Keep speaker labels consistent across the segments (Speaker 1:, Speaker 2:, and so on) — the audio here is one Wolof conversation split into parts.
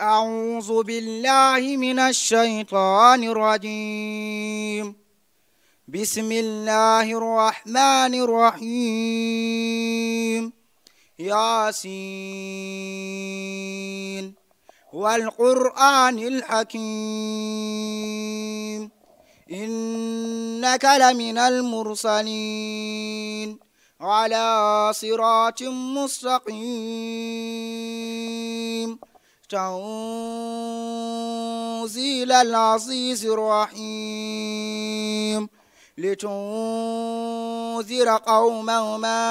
Speaker 1: أعوذ بالله من الشيطان الرجيم بسم الله الرحمن الرحيم ياسين والقرآن الحكيم إنك لمن المرسلين على صراط مستقيم تنزيل العزيز الرحيم لتنذر قوما ما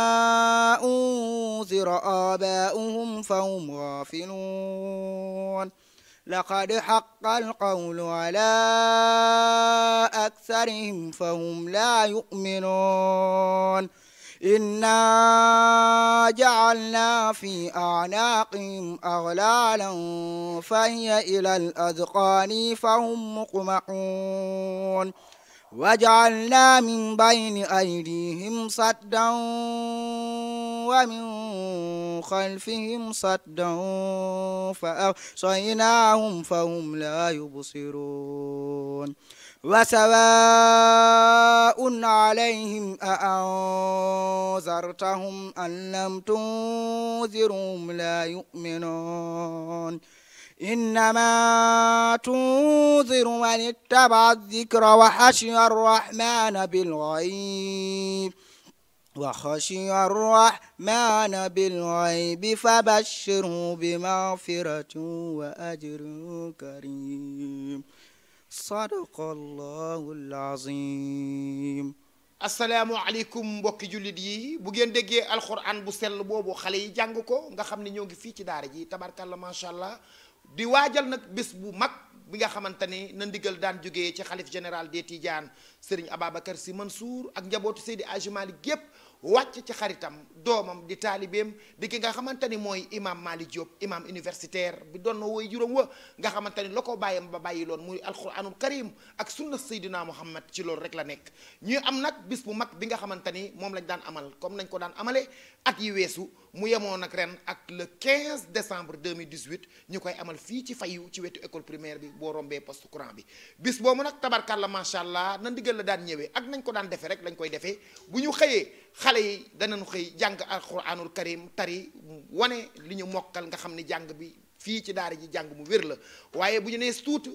Speaker 1: أنذر آباؤهم فهم غافلون لقد حق القول على أكثرهم فهم لا يؤمنون إنا جعلنا في أعناقهم أغلالا فهي إلى الأذقان فهم مقمحون وجعلنا من بين أيديهم صدا ومن خلفهم صدا فأغشيناهم فهم لا يبصرون وسواء عليهم أأنذرتهم أم لم تنذرهم لا يؤمنون إنما تنذر من اتبع الذكر وحشي الرحمن بالغيب وخشي الرحمن بالغيب فبشره بمغفرة وأجر كريم
Speaker 2: sadaqallahul azim asalaamualeykum mbokki jullit yi bu ngeen déggee alxuraan bu sell boobu xale yi jàng ko nga xam ne ñoo ngi fii ci daara ji tabarkalla macha allah di waajal nag bés bu mag bi nga xamante ni na ndigal daan jógee ci xalif général des Tidianes Serigne Ababacar Sy Mansour ak njabootu Seydi Aji Malick gépp wàcc ci xaritam doomam di taalibeem di ki nga xamante ni mooy imam Malick Diop imam universitaire bi doon na woy juróom wa nga xamante ni la ko bàyyam ba bàyyi loon muy alquranul karim ak sunna xam muhammad ci loolu rek la nekk ñuy am nag bis bu mag bi nga xamante ni moom lañ daan amal comme nañ ko daan amale at yi weesu mu yemoon ak ren ak le 15 décembre 2018 ñu koy amal fii ci fayu ci wetu école primaire bi boo rombee poste courant bi bis boobu nag tabarkalla macha allah na ndigal la daan ñëwee ak nañ ko daan defee rek lañ koy defee bu ñu xëyee xale yi danañu xëy jàng alxuraanul karim tari wane li ñu mokkal nga xam ne jàng bi fii ci daara ji jàng mu wér la waaye bu ñu nee suutu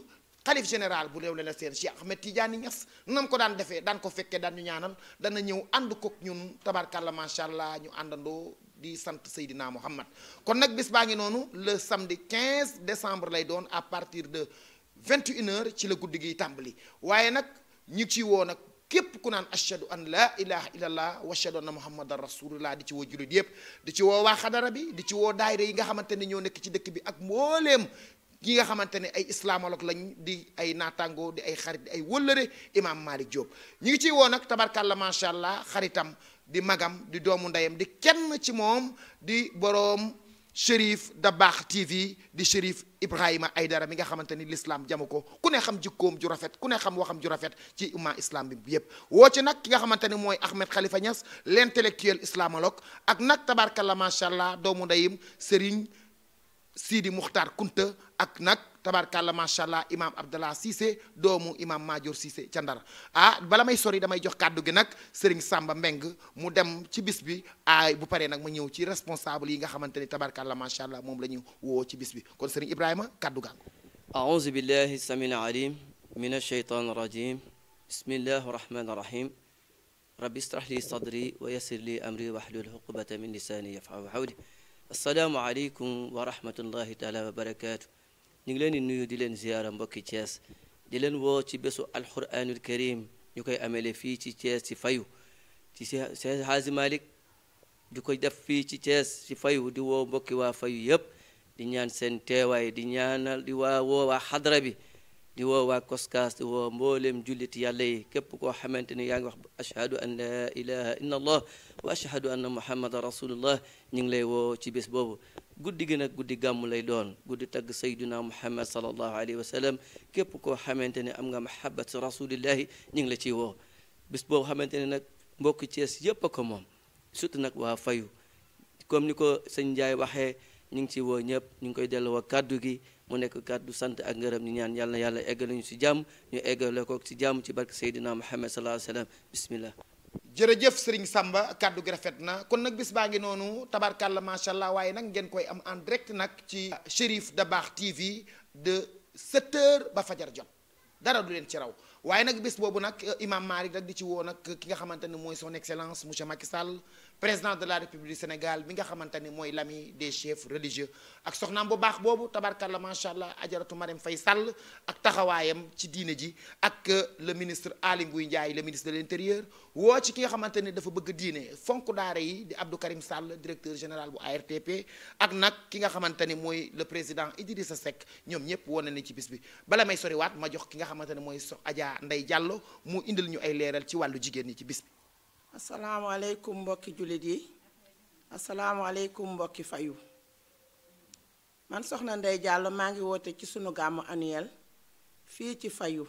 Speaker 2: xalif général bu réew la seen Cheikh Ahmed Tidiane nam ko daan defee daan ko fekkee daan ñu ñaanal dana ñëw ànd kook ñun la macha allah ñu àndandoo di sant Seydina Muhammad kon nag bis baa ngi noonu le samedi 15 décembre lay doon à partir de 21h ci la guddi gi tàmbali waaye nag ñu ci woo nag. képp ku naan ashadu an laa ilaha illallah wa ashadu anna muhammadan rasulullah di ci woo jullit yëpp di ci woo waa xadara bi di ci woo daayira yi nga xamante ne ñoo nekk ci dëkk bi ak mbooleem ki nga xamante ne ay islamologue lañ di ay naataango di ay xarit di ay wëllëre imam Malick Diop ñu ngi ciy woo nag tabarkàlla macha allah xaritam di magam di doomu ndeyam di kenn ci moom di boroom. Chérif Dabakh TV di Chérif Ibrahima ay dara bi nga xamante ni l'islam jamu ko ku ne xam jikkoom ju rafet ku ne xam waxam ju rafet ci umma islam bi yépp woo ci nag ki nga xamante ni mooy Ahmed Khalifa Niass l'intellectuel islamologue ak nag tabarkalla macha allah doomu ndeyim Serigne Sidi Muxtaar Kunta ak nag. tabarkàlla macha allah imam Abdallah Cissé doomu imam Madior Cissé ca Ndar ah bala may sori damay jox kàddu gi nag Serigne sàmba Mbeng mu dem ci bis bi aay bu paree nag ma ñëw ci responsable yi nga xamante ni tabarkàlla macha allah moom la ñu woo ci bis bi kon Serigne Ibrahima kàddu gaa ngi.
Speaker 3: a'uuzu billahi samil alim mina shaytaani rajim bismillahi rahmaani rahim rabbi israh li sadri wa yassir li amri wahlul uqdatan min lisaani yafqahu qawli assalaamu aleykum wa rahmatullahi taala wa barakaatu ñu ngi leen di nuyu di leen ziyaara mbokki Thiès di leen woo ci bésu alquranul karim ñu koy amele fii ci Thiès ci fayu ci Cheikh Hadji Malick di ko def fii ci Thiès ci fayu di woo mbokki waa fayu yépp di ñaan seen teewaay di ñaanal di waa woo waa xadra bi di woo waa koskaas di woo mbooleem jullit yàlla yi képp koo xamante ni yaa ngi wax ashhadu an laa ilaha illa allah wa ashhadu anna muhammadan rasulullah ñu ngi lay woo ci bés boobu guddi gi nag guddi gàmmu lay doon guddi tagg sayduna muhammad salallahu alayhi wa sallam képp koo xamante ne am nga mahabat rasulillahi ñu ngi la ciy woo bis boo xamante ne nag mbokki Cees yépp a ko moom surtout nag waa fayu comme ni ko sëñ Njaay waxee ñu ngi ciy woo ñëpp ñu ngi koy delloo kàddu gi mu nekk kàddu sant ak ngërëm ñu ñaan yàlla na yàlla eggale ñu si jàmm ñu eggale ko ci jàmm ci barke sayduna muhammad salallahu alayhi wa sallam bismillah
Speaker 2: jërëjëf Serigne sàmba kàddu gi rafet na kon nag bis baa ngi noonu tabarkàlla macha allah waaye nag ngeen koy am en direct nag ci Cherif Dabakh TV de 7 ba fajar jot dara du leen ci raw waaye nag bis boobu nag euh, imam Malick rek di ci woo nag ki nga xamante ni mooy son excellence monsieur Macky Sall président de la république Sénégal bi nga xamante ni mooy l'ami des chefs religieux ak soxnaam bu baax boobu tabarkalla macha allah ajaratu Marème fay Sall a taxawaayam ci diine ji ak euh, le ministre Aly Ngouille Ndiaye le ministre de l'intérieur woo ci ki nga xamante ne dafa bëgg diine fonk daara yi di Abdou Karim Sall directeur général bu ARTP ak nag ki nga xamante ne mooy le président Idrissa Seck ñoom ñëpp woo na ne ci bis bi bala may soriwaat ma jox ki nga xamante ne mooy sox Adja nday Diallo mu indil ñu ay leeral ci wàllu jigéen ñi ci bis bi. asalaamaaleykum mbokki jullit yi asalaamaaleykum mbokki fayu man soxna nday Diallo maa ngi woote ci suñu gàmmu annuel fii ci fayu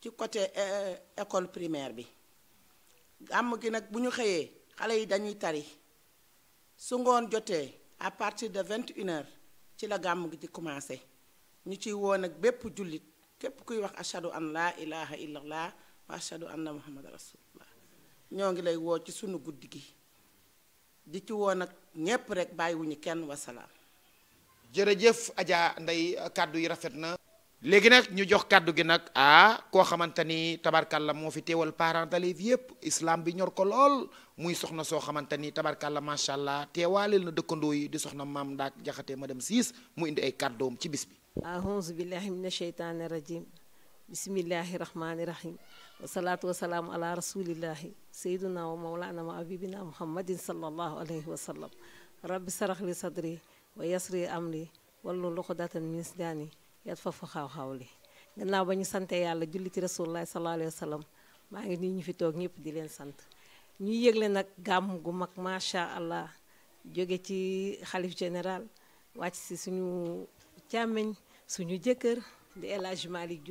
Speaker 2: ci côté eh, école primaire bi. gàmm gi nag bu ñu xëyee xale yi dañuy tari su ngoon jotee à partir de vingt une ci la gàmm gi ci commencé ñu ciy woo nag bépp jullit képp kuy wax ashadu an laa ilaha illallah wa ashadu anna muhammad rasulullah ñoo ngi lay woo ci sunu guddi gi di ci woo nag ñépp rek bàyyiwuñu kenn wasalaam jërëjëf Adja Ndeye kàddu yi rafet na léegi nag ñu jox kàddu gi nag ah koo xamante ni tabarkàlla moo fi teewal parents d'élèves yépp islam bi ñor ko lool muy soxna soo xamante ni tabarkàlla macha allah teewaaleel na dëkkandoo yi di soxna maam ndaak ma madame siis mu indi ay kàddoom ci bis bi
Speaker 4: ahousu billahi min asheytaani rajim bismillahi rahmaani rahim wasalaatu wasalaamu ala rasulillahi sayyidina wa mawlana wa abibina muhammadin sallallahu alayhi wa sallam rabbi sarax li sadri wa yasri amri yat fa fa xaw xaw li gannaaw ba ñu santee yàlla julli ci rasulullah sallallahu alayhi wa maa ngi nii ñu fi toog ñëpp di leen sant ñu yëgle nag gàmm gu mag macha allah jóge ci xalif général wàcc si suñu càmmiñ suñu jëkkër di El Hadj Malick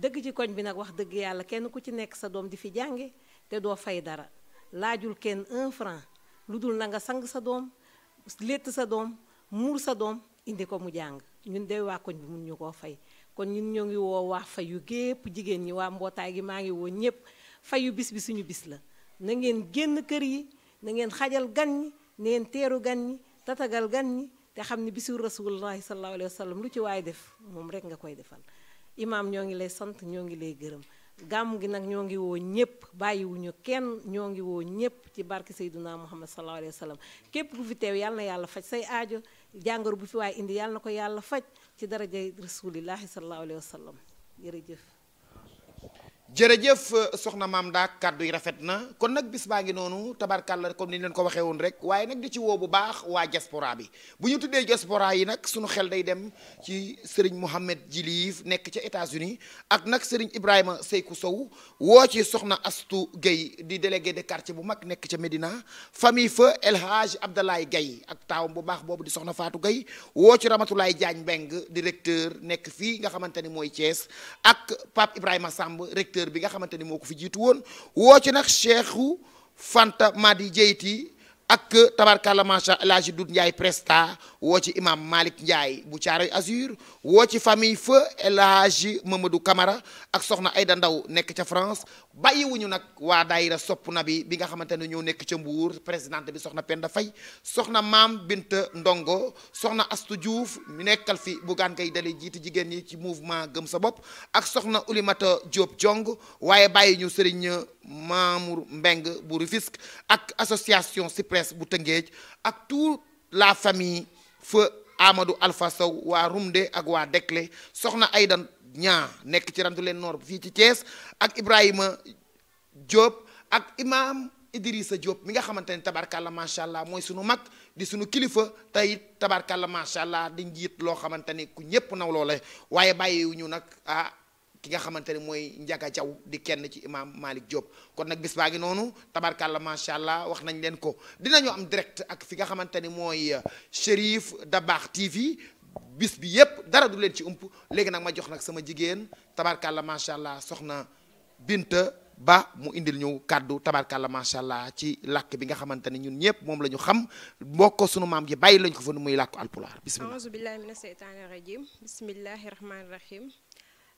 Speaker 4: dëgg ci koñ bi nag wax dëgg yàlla kenn ku ci nekk sa doom di fi jànge te doo fay dara laajul kenn un franc lu dul na nga sang sa doom létt sa doom muur sa doom indi ko mu jàng ñun de waa koñ bi mun ñu koo fay kon ñun ñoo ngi woo waa yu gépp jigéen ñi waa mbootaay gi maa ngi woo ñëpp yu bis bi suñu bis la na ngeen génn kër yi na ngeen xajal gan ñi na teeru gan ñi tatagal gan ñi te xam ne bisu rasulullahi sallallahu alayhi wa sallam lu ci waaye def moom rek nga koy defal imaam ñoo ngi lay sant ñoo ngi lay gërëm gàmm gi nag ñoo ngi woo ñëpp bàyyiwuñu kenn ñoo ngi woo ñëpp ci barke sayduna muhammad sallallahu alayhi wa sallam képp ku fi teew yàlla na jàngoro bu fi waaye indi yàlla na ko yàlla faj ci darajay rasulillahi sallallahu alayhi wa sallam
Speaker 2: jërëjëf jërëjëf soxna maam daa kàddu yi rafet na kon nag bis baa ngi noonu tabarkàlla kon ni leen ko waxee woon rek waaye nag di ci woo bu baax waa diaspora bi bu ñu tuddee diaspora yi nag sunu xel day dem ci Serigne Mohamed Jiliif nekk ca États-Unis ak nag Serigne Ibrahima Seyku Sow woo ci soxna Astu Guèye di délégué de quartier bu mag nekk ca Médina famille fa El Hadj Abdalaay Guèye ak taawum bu baax boobu di soxna Faatu gay woo ci Ramatulaay Jaañ Mbeng directeur nekk fii nga xamante ni mooy Thiès ak Pape Ibrahima Samb recteur directeur bi nga xamante ni moo ko fi jiitu woon woo ci nag Cheikhou Fanta Madi Jeyti ak tabarkàlla macha El Hadj Ndiaye Presta woo ci imam Malick Ndiaye bu Caaroy Azur woo ci famille feu El Hadj Mamadou Camara ak soxna Aïda Ndaw nekk ca France bàyyiwuñu nag waa daayira sopp na bi bi nga xamante ne ñoo nekk ca Mbuur présidente bi soxna Penda Fay soxna maam bint Ndongo soxna Astu Diouf ñu nekkal fi bu Bougane Gueye Dany jiitu jigéen ñi ci mouvement gëm sa bopp ak soxna Oulimata Diop Jong waaye bàyyi ñu Serigne Mamour Mbeng bu Rufisque ak association Cypress bu Tëngéej ak tout la famille feu Amadou Alpha Sow waa Rumde ak waa Dekle soxna Aydan ñaa nekk ci randu leen noor fii ci Thiès ak Ibrahima Diop ak imaam Idrissa Diop mi nga xamante ne tabarkàlla macha allah mooy sunu mag di sunu kilifa tey it tabarkàlla macha allah di njiit loo xamante ni ku ñëpp naw loole waaye bàyyiwuñu nag ah. ki nga xamante ne mooy njaga jaw di kenn ci imam Malick Diop kon nag bis baa ngi noonu tabarkàlla macha allah wax nañ leen ko dinañu am direct ak fi nga xamante ni mooy Chérif Dabakh TV bis bi yépp dara du leen ci ump léegi nag ma jox nag sama jigéen tabarkàlla macha allah soxna Binta Ba mu indil ñu kàddu la macha allah ci làkk bi nga xamante ne ñun ñëpp moom la ñu xam mbokk sunu maam ji bàyyi lañ ko fa nu muy làkku alpulaar bismillah aouzu
Speaker 5: billahi mina seytaani rajim bismillahi rahmaani rahim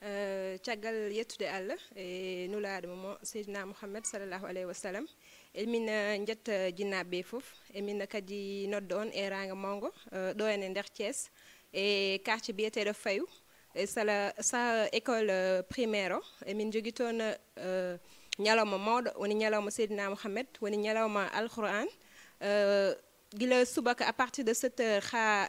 Speaker 5: euh, caggal yettude allah e nulaaɗo mo seydina mouhammad sallllahu alayhi wa sallam emin euh, jetta jinnaɓe ɓe fof emin kadi nodda on e ranga quartier bi yeteeɗo fayu sala sa école euh, primaire o oh. emin jogui toon euh, ñalawma ma woni ñalawma seydina mouhamed ma ñalawma alquran euh, guila subaka à partir de 7 heures ha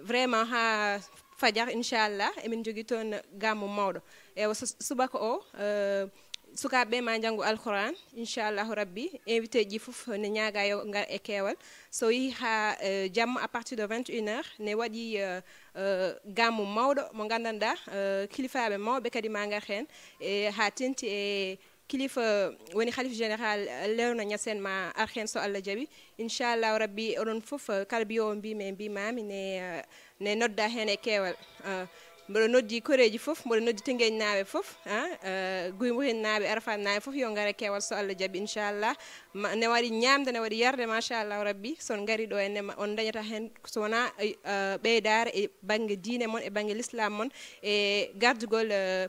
Speaker 5: vraiment ha fajar allah emin jogui toon gammu mawɗo ewa subaka o oh, sukaɓe ma janggo alquran inchallahu rabbi invité ji foof ne ñaaga yo ngar e keewal so yeehi ha euh, jamma à partir de 21 heures ne waɗi euh, euh, gammu mawɗo mo kilifa kilifaɓe mawɓe kadi ma ngar hen e ha tenti e kilifa woni halif général lewna ñasen ma ar hen so allah jaaɓi inchallahu rabbi oɗon foof kala biyowo mbimami ne nodda hen e keewal mbeɗo noddi koreji foof mboɗo noddi tengueji naaɓe foof ah, eh, guymohen naaɓe arafat naaɓe foof yo gara kewal so allah jaaɓi inchallah ne waɗi ñamde ne waɗi yarde machallahu rabbi son gari ɗo enne on dañata hen so wona eh, ɓeydare e banggue diine moon e banggue l'islam moon e gardugol eh,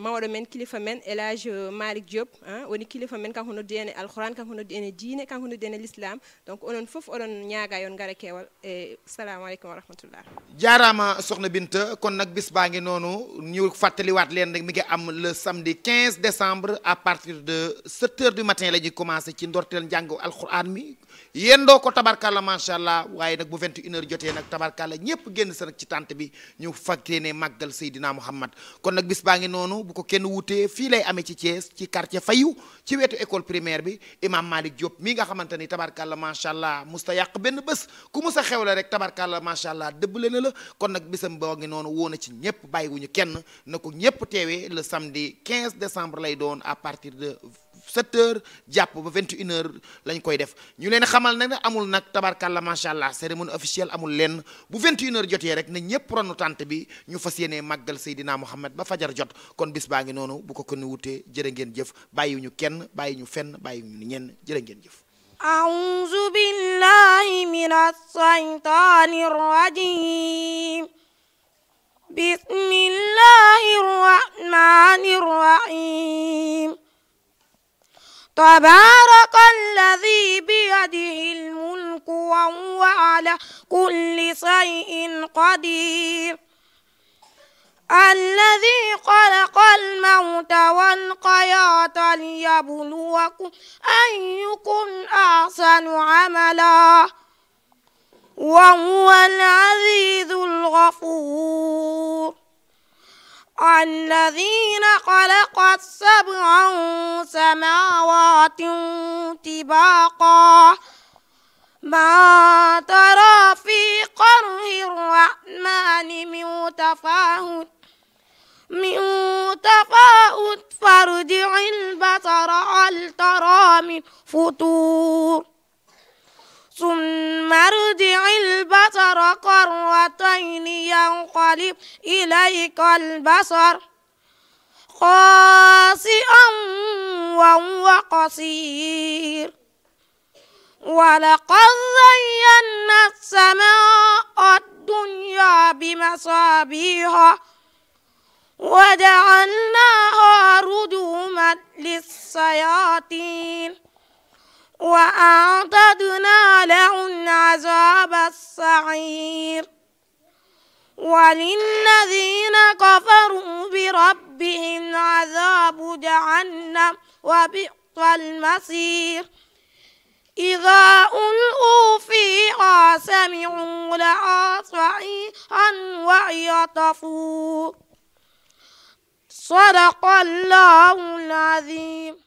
Speaker 5: mawaɗo men kilifa men élage euh, malik diop woni kilifa men kanko noddi en e alquran kanko noddi en e diine kanko noddi en e l'islam donc onon fof oɗon ñaaga yon gara kewal e salamu aleykum wa rahmatullah
Speaker 2: jaarama binta kon nag bis baa ngi noonu ñu fàttaliwaat leen nag mi ngi am le samedi 15 décembre à partir de 7 heures du matin la ñuy commencé ci ndorteel njàng alquran mi yendoo ko tabarkalla macha allah waaye nag bu 21 heures jotee nag tabarkalla ñépp génn sa ci tànt bi ñu fàttee ne màggal seydina mouhammad kon nag bis baa ngi noonu noonu bu ko kenn wutee fii lay amee ci Thiès ci quartier Fayu ci wetu école primaire bi imam Malick Diop mi nga xamante ni tabarkàlla macha allah musta yàq benn bës ku musa xewle rek tabarkàlla macha allah dëbbale na la kon nag bisam boo ngi noonu woo na ci ñëpp bàyyiwuñu kenn na ko ñëpp teewee le samedi 15 décembre lay doon à partir de 7 jàpp ba 21 heures lañ koy def ñu leen xamal ne amul nag la macha allah cérémonie officielle amul lenn bu jotee rek na ñëpp ronu tante bi ñu fas yéenee màggal Seydina Mouhamed ba fajar jot. kon bis baa ngi noonu bu ko ko nu wutee jërë ngeen jëf bàyyi ñu kenn bàyyi ñu fenn bàyyi ñu ñenn jërë ngeen jëf
Speaker 6: أعوذ بالله من الشيطان الرجيم بسم الله الرحمن الرحيم تبارك الذي بيده الملك وهو على كل شيء قدير الذي خلق الموت والقياة ليبلوكم أيكم أحسن عملا وهو العزيز الغفور الذين خلق سبع سماوات طباقا ما ترى في قرن الرحمن من تفاهت من تفاؤت فارجع البصر هل ترى من فطور ثم ارجع البصر كرتين ينقلب إليك البصر خاسئا وهو قصير ولقد زينا السماء الدنيا بمصابيح وجعلناها رجوما للشياطين وأعتدنا لهم عذاب السعير وللذين كفروا بربهم عذاب جهنم وبئس المصير إذا ألقوا فيها سمعوا لها صعيحا ويطفوا صدق الله العظيم